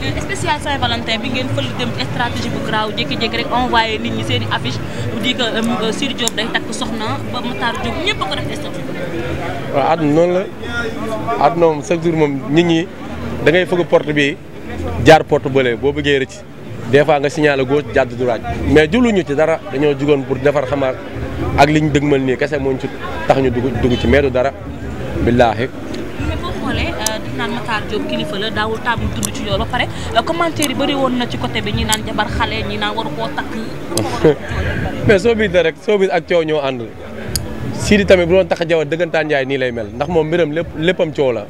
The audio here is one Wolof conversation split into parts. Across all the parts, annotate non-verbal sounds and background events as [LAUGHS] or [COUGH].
Euh, spécial Saint-Valentin bi ngeen fël dem stratégie bu garaaw jékki-jékki rek envoyé nit ñi seen i affiche di ko euh, euh, Sidy Diop day soxna ba Matar Diop ñëpp a def statut. waaw moom nit ñi da ngay fëgg bi jaar porte bële boo bëggee rëcc des fois nga signalé gauche jàdd droite mais jubluñu ci dara dañoo jugoon pour defar xamaar ak liñ dëgmal nii kese moo ñu tax ñu dugg dugg ci meedu dara billaahi ñëpp naan Matar Diop kilifa la daawul taamu dund ci yoon ba pare commentaire yi bëri woon na ci côté bi ñi naan jabar xale ñi naan waru koo takk. [LAUGHS] mais soo biir ak coow ñoo ànd Sidi tamit bu tax jabar dëggantaan nii lay mel ndax moom mbiram lépp léppam coow la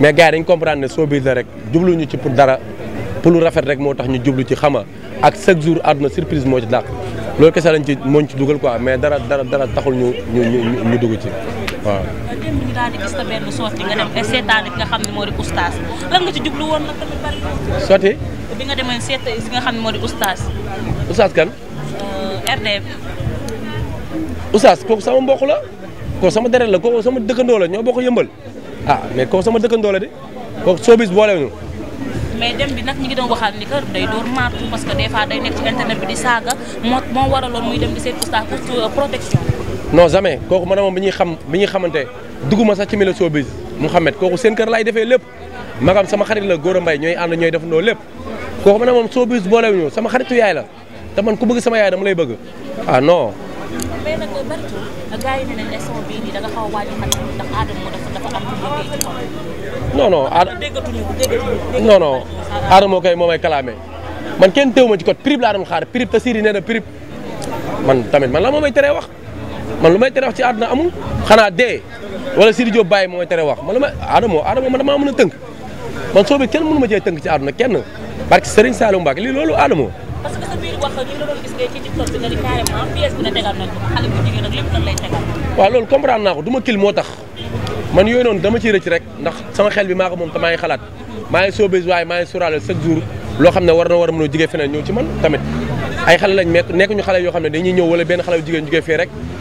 mais gars yi dañ comprendre ne soo biir rek jubluñu ci pour dara pour lu rafet rek moo tax ñu jublu ci xama ak chaque jour àdduna surprise moo ci dàq loolu kese lañ ci mooñ ci dugal quoi mais dara dara dara taxul ñu ñu ñu dugg ci. waaw démb ñu daal di gis sa benn sotti nga dem eh, seetaani ki nga xam ne moo di oustaz lan nga ci jublu woon nag tamit bari sotti bi nga demee seet si nga xam ne moo di oustaz oustaz kan euh, RDM oustaz kooku sama mboq la kooku sama deret la kooku sama dëkkandoo la ñoo bokk yëmbal ah mais kooku sama dëkkandoo la de kooku soobis boole ñu mais dem bi nag ñu ngi doon waxaat ni kër day door maatu parce que des fois day nekk ci internet bi di saaga moo moo waraloon muy dem non jamais kooku man moom bi ñuy xam bi ñuy xamante dugguma sax ci milieu showbiz Mouhamed kooku seen kër laay defee lépp magam sama xarit la Gora mbay ñooy ànd ñooy defandoo lépp kooku man moom showbiz boolewuñu sama xaritu yaay la te man ku bëgg sama yaay dama lay bëgg ah non. mais a waaj a xam ndax Adama moo kay moomay kalaame man kenn teewu ma ci code prib la Adama xaar prib te Siri nee na prib man tamit man la moomay teree wax. man lu may tere wax ci àdduna amul xanaa dee wala Sidi Diop bàyyi mooy tere wax man lu may Adamo Adamo man damaa mën a tënk man soo kenn mënu ma jee tënk ci àdduna kenn barke ci TikTok bi nga ni carrément pièce bu ne ak lépp lan lay tegal. waaw loolu comprendre naa ko du ma moo tax man yooyu noonu dama ciy rëcc rek ndax sama xel bi maa ko moom te maa xalaat maa ngi soobee waaye maa ngi sóoraale loo xam ne war na war a mën a jigee feneen ñëw ci man tamit ay xale lañ nekk nekkuñu xale yoo xam ne dañuy ñëw wala benn xale jigéen jugee fii rek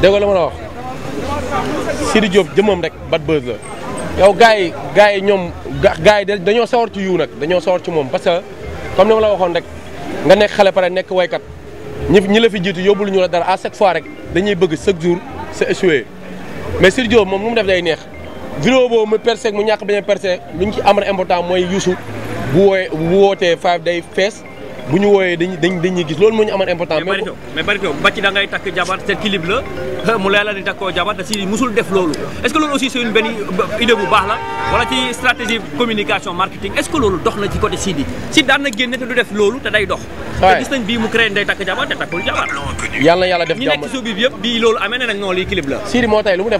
déggoo la ma la wax Sidi jëmmam rek bat buzz la yow gars yi gars yi ñoom gars yi dañoo sawar ci yu nag dañoo sawar ci moom parce que comme ni ma la waxoon rek nga nekk xale pare nekk waykat ñi ñi la fi jiitu yóbbul ñu la dara à chaque fois rek dañuy bëgg chaque jour sa échoué mais Sidi Diop moom lu mu def day neex vidéo boobu mu percé mu ñàkk bañ a percé lu ñu ci am important mooy Youssou bu wooyee bu wootee five day fees bu ñu wooyee dañuy gis loolu moo ñu amoon important. mais Barito Bathie da ngay takk jabar cet kilib la [LAUGHS] mu lay la di takkoo jabar da si musul def loolu communication marketing est-ce ci côté Sidy si daan na génne te du def loolu te day dox. te gis nañ bii mu créé day takk jabar te takkul jabar. yàlla yàlla def jàmm ñi nekk ci bi yëpp bii loolu amee na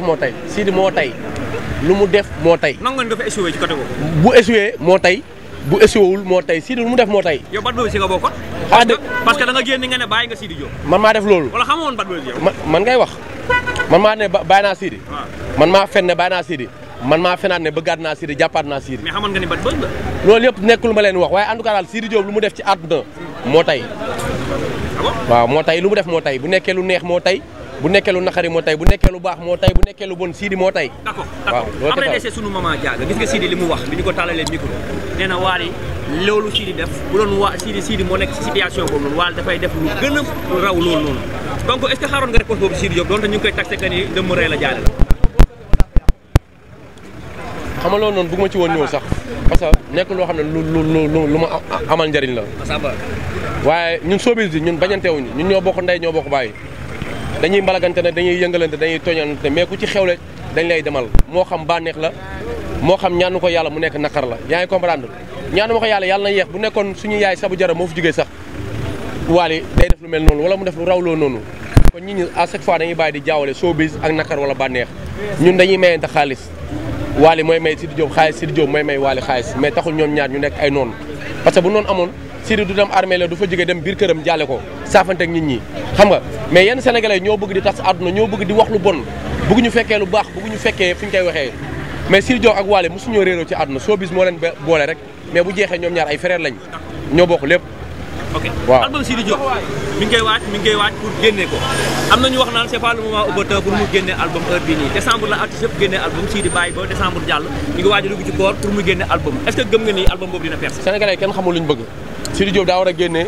moo tay lu mu def moo tay lu mu def moo tay. nangu nga bu échoué moo tay bu esiwowul moo tey Sidi lu mu def moo tay yow Bad Buzz si nga bokkoon. Ah, nga ne bàyyi nga Sidi Diop. man maa def loolu. wala xamoon Bad Buzz yow. man man ngay wax man maa ne bàyyi naa Sidi. Ah. man maa fen ne bàyyi naa Sidi. man maa fenaan ne bëggaat naa Sidi jàppaat naa Sidi. mais xamoon nga ni Bad Buzz la. loolu yëpp ma leen wax waaye en tout cas daal Sidi lu mu def ci àdduna moo tey. Ah waaw moo tey lu mu def moo tey bu nekkee lu neex moo tey bu nekkee lu naqari moo tay bu nekkee lu baax moo tay bu nekkee lu bon Sidi moo tay. d'accord d'accord après décès sunu gis nga Sidi li mu wax bi ñu ko tàllalee micro nee na Wally loolu Sidi def bu doon waa Sidi Sidi moo nekk ci situation boobu noonu dafay def lu gën a raw loolu noonu donc est-ce que xaaroon koy taxé ni dëmm rey la xam nga loolu noonu bëgg ci woon ñëw sax parce nekk loo xam ne lu lu lu ma amal njëriñ la. waaye ñun soobis bi ñun bañantewuñu ñun ñoo bokk ndey ñoo bokk bàyyi dañuy mbalagante ne dañuy yëngalante dañuy tooñante mais ku ci xewle dañ lay demal moo xam bànneex la moo xam ñaanu ko yàlla mu nekk naqar la yaa ngi comprendre ñaanu ma ko yàlla yàlla na yeex bu nekkoon suñu yaay sabu jara moo fi jugee sax waali day def lu mel noonu wala mu def lu raw loo noonu kon ñi ñu chaque fois dañuy bàyyi di jaawale showbiz ak naqar wala bànneex ñun dañuy mayante xaalis waali mooy may Sidi Diop xaalis Sidi Diop mooy may waali xaalis mais taxul ñoom ñaar ñu nekk ay noonu Sidi du dem armée la du fa jógee dem biir këram jàlle ko saafante ak nit ñi xam nga mais yenn sénégalais ñoo bëgg di tas àdduna ñoo bëgg di wax lu bon bëgg ñu fekkee lu baax bëgg ñu fekkee fi ñu koy waxee mais Sidi Diop ak Wally mosuñoo réeroo ci àdduna soo bis moo leen boole rek mais bu jeexee ñoom ñaar ay frère lañ ñoo bokk lépp ok waaw album Sidi Diop mi ngi koy waaj mi ngi koy waaj pour génne ko am nañu wax naan c'est pas le moment opportun pour a dugg kenn xamul lu ñu bëgg Sidi Diop daa war a génne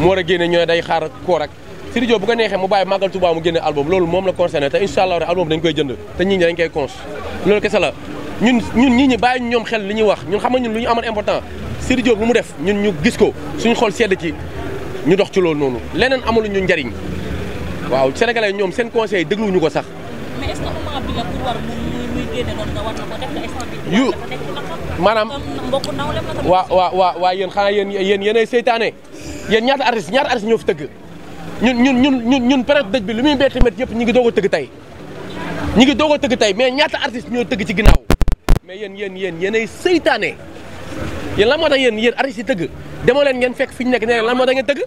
mu war a génne ñooy day xaar koor ak Sidi Diop bu ko neexee mu bàyyi màggal Touba mu génne album loolu moom la concerné te incha allah album dañ koy jënd te ñii ñi dañ koy cons loolu kese la ñun ñun ñii ñi bàyyi ñoom xel li ñuy wax ñun xam nga ñun lu ñu amoon important Sidi Diop lu mu def ñun ñu gis ko suñu xool sedd ci ñu dox ci loolu noonu leneen amul ñu njariñ waaw sénégalais ñoom seen conseil dégluwuñu ko sax yu maanaam waa waa waa waa yéen xanaa yéen yéen yéenay seytaane yen ñaata artiste ñaata ñoo fi tëgg ñun ñun ñun ñun ñun peut-être bi lu muy bett tamit yëpp ñi ngi doog a tëgg tey ñi ngi doog a tëgg tey mais ñaata artiste ñoo tëgg ci ginnaaw mais yéen yéen yéen seytaane yeen lan moo tax yeen yéen artiste yi demo len ngeen fek fiñ nek ne lan moo tax ngeen tëgg.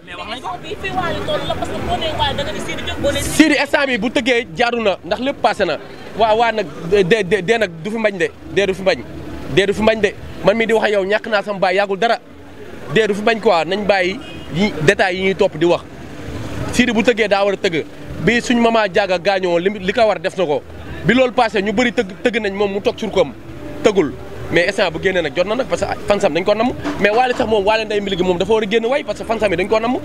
siri nak, bi bu tëggee jaaruna ndax lepp passé na wa wa nak de de de nak du fi mbagn de de du fi mbagn de du fi mbagn de man mi di wax yow ñak na sama bay yagul dara de du fi mbagn quoi nañ bàyyi yi détails yi ñuy top di wax siri bu da war teug bi suñ mama jaaga ganyo, li ka war def nako bi lol passé ñu bari teug teug nañ mom mu sur teugul mais instant bu génnee nag jot na nag parce que fansam dañ ko namm mais waale sax moom waale nday mbil gi moom dafa war a génn way parce fansam yi dañ ko namm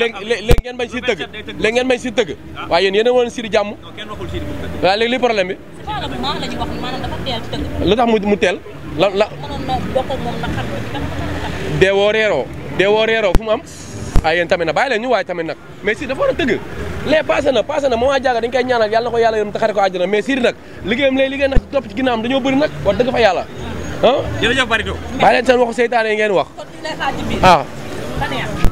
ngeen may si tëgg léegi may si tëgg. waaw waaye yéen yéen jàmm. non kenn waxul si di tëgg. waaw problème bi. la ñuy wax maanaam dafa teel ci lu tax mu teel. deewoo reeroo. deewoo reeroo fu mu am. ah yen tamit na bàyyi leen ñu waaye tamit nag mais si dafa war a tëgg. lee passé na passé na maman Diaga dañ koy ñaanal yàlla na ko yàlla yërëm taxare ko àjjana mais Sidy nag liggéeyam lay liggéey nag ci topp ci ginnaawam dañoo bëri nag wax fa yàlla ah jërëjëf bari leen seen waxu